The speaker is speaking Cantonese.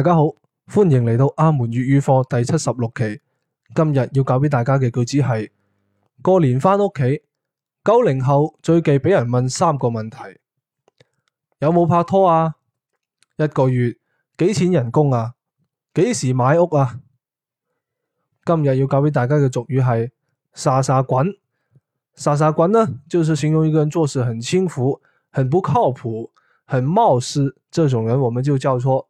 大家好，歡迎嚟到阿門粵語課第七十六期。今日要教俾大家嘅句子係：過年翻屋企，九零後最忌俾人問三個問題，有冇拍拖啊？一個月幾錢人工啊？幾時買屋啊？今日要教俾大家嘅俗語係：沙沙滾，沙沙滾啦，就是形容一個人做事很輕浮、很不靠譜、很冒失，這種人我們就叫做。